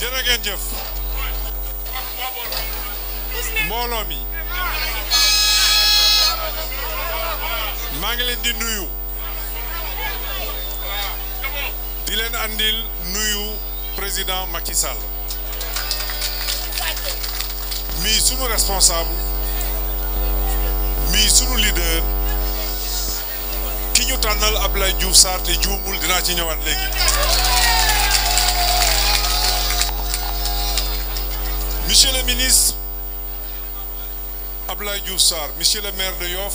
jërë jëf mbooloo mi maa ngi leen di nuyu di leen andil nuyu président Macky Sall mii sunu responsable mii sunu leader ki ñu tànnal Abdoulaye Diouf Sarr te juumul dinaa ci ñëwaat léegi ministre Abdoulaye Diouf Sarr monsieur le maire de Yoff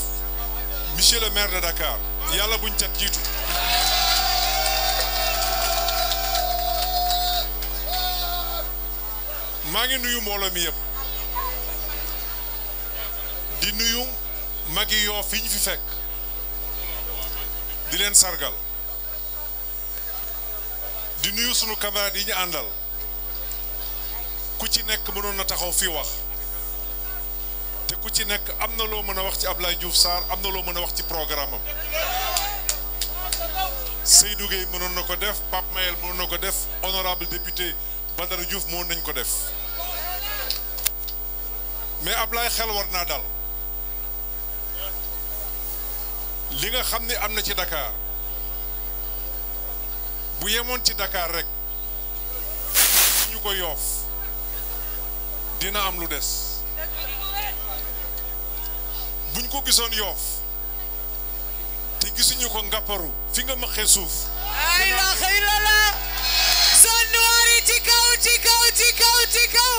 monsieur le de Dakar yàlla buñ cat jiitu maa ngi nuyu mbooloo mi yëpp di nuyu magi Yoff yi ñu fi fekk di leen sargal di nuyu sunu camarades yi ñu àndal ci nekk mënoon na taxaw fii wax te ku ci nekk am na loo mën a wax ci Ablaye Diouf Sarr am na loo mën a wax ci programme am Seydou Gueye mënoon na ko def Pape Mayel mënoon na ko def honorable député Badara Diouf mënoon nañ ko def mais Ablaye xel war naa dal li nga xam ni am na ci Dakar bu yemoon ci dakaar rek ñu ko yoof dina am lu des buñ ko gisoon yoof te gisuñu ko ngàpparu fi nga mëxee suuf laa ilaaha illallaah zone ci kaw ci kaw ci kaw ci kaw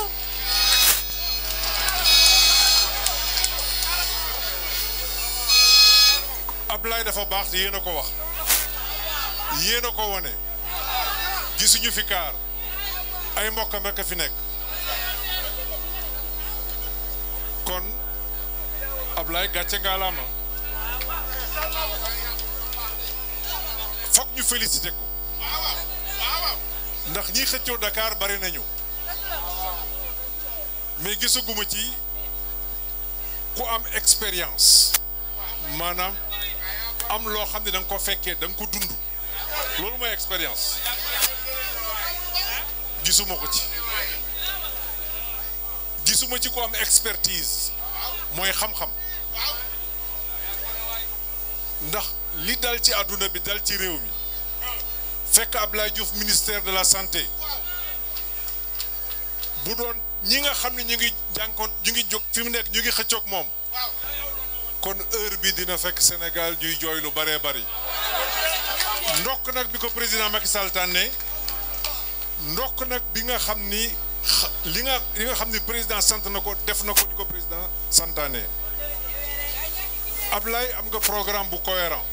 dafa baax te yéen a ko wax yéen a ko wone gisuñu fi kaar ay mbokkam rek a fi nekk kon Ablaye gàcce ngaalaama foog ñu félicité ko ndax ñiy xëccoo dakaar bari nañu mais gisaguma ci ku am expérience maanaam am loo xam ne da nga ko fekkee da nga ko dund loolu mooy expérience gisuma ko ci gisuma ci ko am expertise mooy xam-xam ndax li dal ci àdduna bi dal ci réew mi fekk Ablaye Diouf ministère de la santé bu doon ñi nga xam ne ñu ngi jànkoon ñu ngi jóg fi mu nekk ñu ngi xëccoog moom kon heure bi dina fekk senegal ñuy jooy lu baree bari ndokk nag bi ko président Macky Sall tànnee ndokk nag bi nga xam ni li nga li nga xam ne président sant na ko def na ko di ko président ab lay am nga programme bu cohérent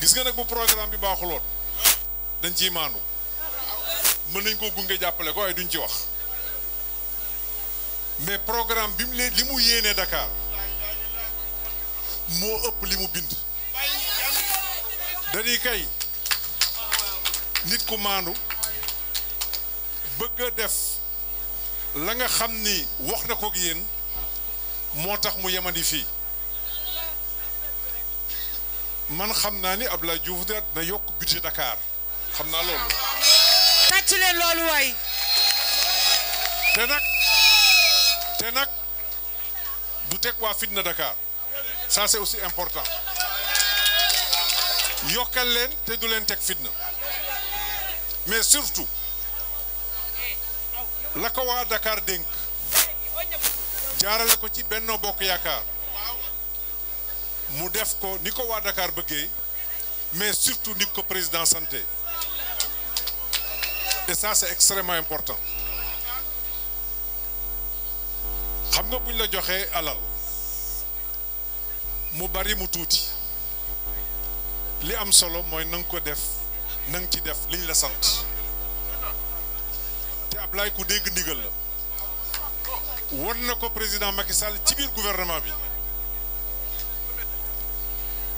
gis nga nag bu programme bi baaxuloon dañ ciy maandu mën nañ koo gunge jàppale ko waaye duñ ci wax mais programme bi mu leen li mu yéenee dakaar moo ëpp li mu bind dañuy kay nit ku maandu bëgg a def la nga xam ni wax na kook ak yéen moo tax mu yemandi fii man xam naa ni Abdoulaye Diouf de na yokk budget Dakar xam naa loolu. tàcc leen loolu waay. te nag te nag du teg waa fitna Dakar ça c'est aussi important yokkal leen te du leen teg fitna mais surtout. la ko waa dakaar dénk jaarale ko ci Benno Bokk Yaakaar mu def ko ni ko waa Dakar bëggee mais surtout ni ko président santé et ça c'est extrêmement important xam nga buñ la joxee alal mu bari mu tuuti li am solo mooy na nga ko def na nga ci def liñ la sant Ablaye ku dégg ndigal la won na ko président Macky Sall ci biir gouvernement bi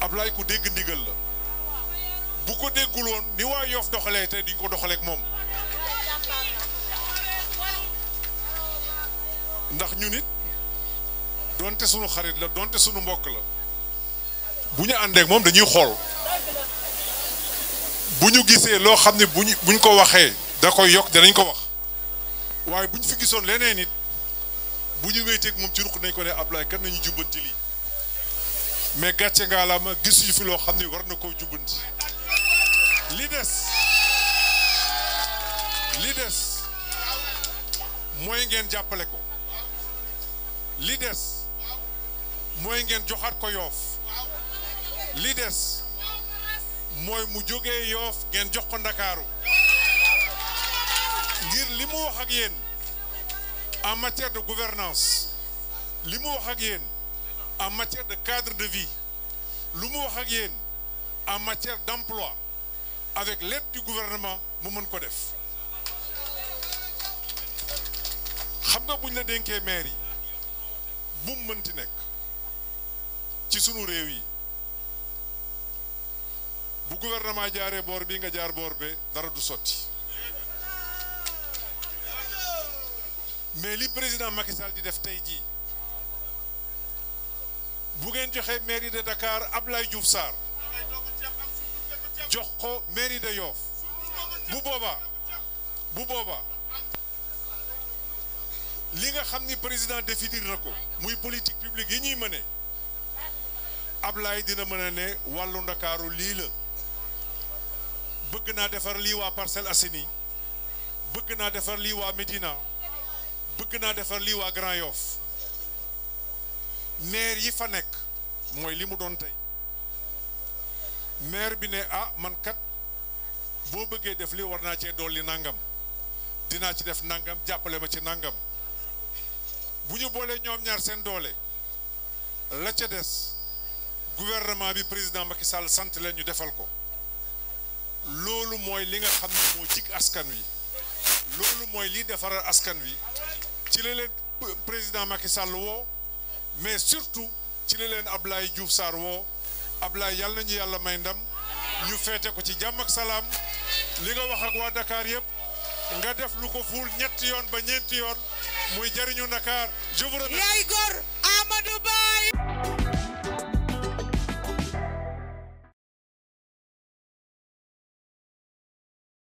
ab lay ku dégg ndigal la bu ko déggul woon ni waa Yoff doxalee tey diñ ko doxaleek moom ndax ñu nit doonte sunu xarit la donte suñu mbokk la bu ñu àndeek moom dañuy xool bu ñu gisee loo xam ne bu buñ ko waxee da koy yokk dañ ko wax waaye bu ñu fi gisoon leneen it bu ñu wéeteeg moom ci ruq nañ ko ne Ablaye kan nañu jubbanti lii mais gàcce ngaalaama gis fi loo xam ne war na koo jubbanti li des li des mooy ngeen jàppale ko li des mooy ngeen joxaat ko yoof li des mooy mu jógee yoof ngeen jox ko ndakaaru ngir li mu wax ak yéen en matière de gouvernance li mu wax ak yéen en matière de cadre de vie lu mu wax ak yéen en matière d'emploi avec l'aide du gouvernement mu mën ko def xam nga buñ la denkee maire yi bu mu mënti nekk ci sunu réew yi bu gouvernement jaaree boor bi nga jaar boor be dara du sotti mais li président Macky Sall di def tey jii bu ngeen joxee mairie de Dakar Ablaye Diouf Sarr jox ko mairie de Yoff bu booba bu booba li nga xam ni président définir na ko muy politique publique yi ñuy mëne Ablaye dina mën a ne wàllu ndakaaru lii la bëgg naa defar lii waa Parcelles Assainies bëgg naa defar lii waa Médina bëgg naa defar lii waa Grand Yoff maire yi fa nekk mooy li mu doon tey maire bi ne ah man kat boo bëggee def li war naa cee dool dolli nangam dinaa ci def nangam jàppale ma ci nangam bu ñu boolee ñoom ñaar seen doole la ca des gouvernement bi président Macky Sall sant leen ñu defal ko loolu mooy li nga xam ne moo jig askan wi. loolu mooy lii defaral askan wi ci la leen président Macky Sall woo mais surtout ci la leen Ablaye Diouf Sarr woo Ablaye yàlla nañu yàlla may ndam ñu feete ko ci jàmm ak salaam li nga wax ak waa Dakar yëpp nga def lu ko fuul ñetti yoon ba ñeenti yoon muy jariñu Dakar je vous remercie. yaay góor